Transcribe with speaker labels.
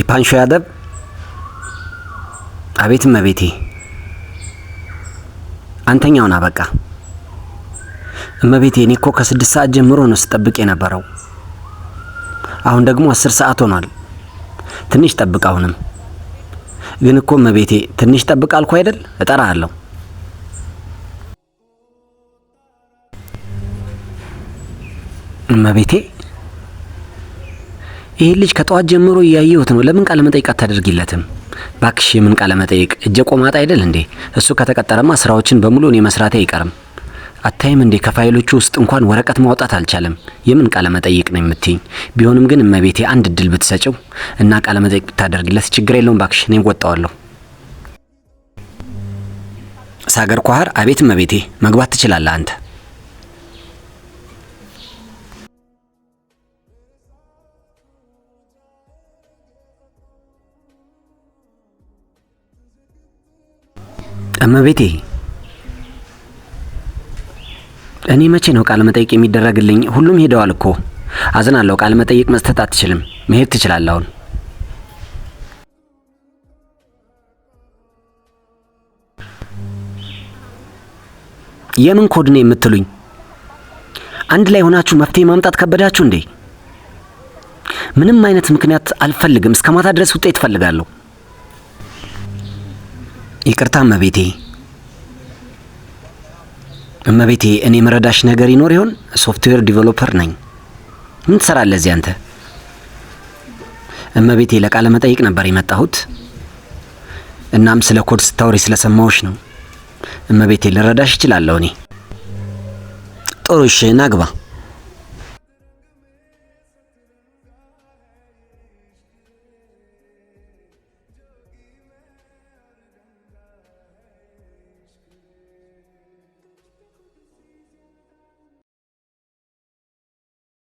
Speaker 1: ዲፓንሾ ያደብ አቤት እመቤቴ አንተኛውን አበቃ። እመቤቴ እኔ እኮ ከስድስት ሰዓት ጀምሮ ነው ስጠብቅ የነበረው። አሁን ደግሞ አስር ሰዓት ሆኗል። ትንሽ ጠብቅ። አሁንም ግን እኮ እመቤቴ ትንሽ ጠብቅ አልኩ አይደል? እጠራ አለሁ። እመቤቴ ይህ ልጅ ከጠዋት ጀምሮ እያየሁት ነው። ለምን ቃለ መጠይቅ አታደርጊለትም? ባክሽ የምን ቃለ መጠይቅ? እጀ ቆማጣ አይደል እንዴ? እሱ ከተቀጠረማ ስራዎችን በሙሉ እኔ መስራቴ አይቀርም። አታይም እንዴ? ከፋይሎቹ ውስጥ እንኳን ወረቀት ማውጣት አልቻለም። የምን ቃለ መጠይቅ ነው የምትይኝ? ቢሆንም ግን እመቤቴ አንድ እድል ብትሰጭው እና ቃለ መጠይቅ ብታደርግለት ችግር የለውም ባክሽ፣ እኔ ወጣዋለሁ። ሳገር ኳህር አቤት እመቤቴ፣ መግባት ትችላለህ አንተ እመቤቴ እኔ መቼ ነው ቃለ መጠይቅ የሚደረግልኝ? ሁሉም ሄደዋል እኮ። አዝናለሁ። ቃለ መጠይቅ መስጠት አትችልም። መሄድ ትችላለህ አሁን። የምን ኮድ ነው የምትሉኝ? አንድ ላይ ሆናችሁ መፍትሄ ማምጣት ከበዳችሁ እንዴ? ምንም አይነት ምክንያት አልፈልግም። እስከ ማታ ድረስ ውጤት እፈልጋለሁ። ይቅርታ እመቤቴ። እመቤቴ እኔ መረዳሽ ነገር ይኖር ይሆን? ሶፍትዌር ዲቨሎፐር ነኝ። ምን ትሰራለህ እዚህ አንተ? እመቤቴ ለቃለ መጠይቅ ነበር የመጣሁት። እናም ስለ ኮድ ስታወሪ ስለሰማሁሽ ነው። እመቤቴ ልረዳሽ እችላለሁ እኔ። ጥሩ እሺ፣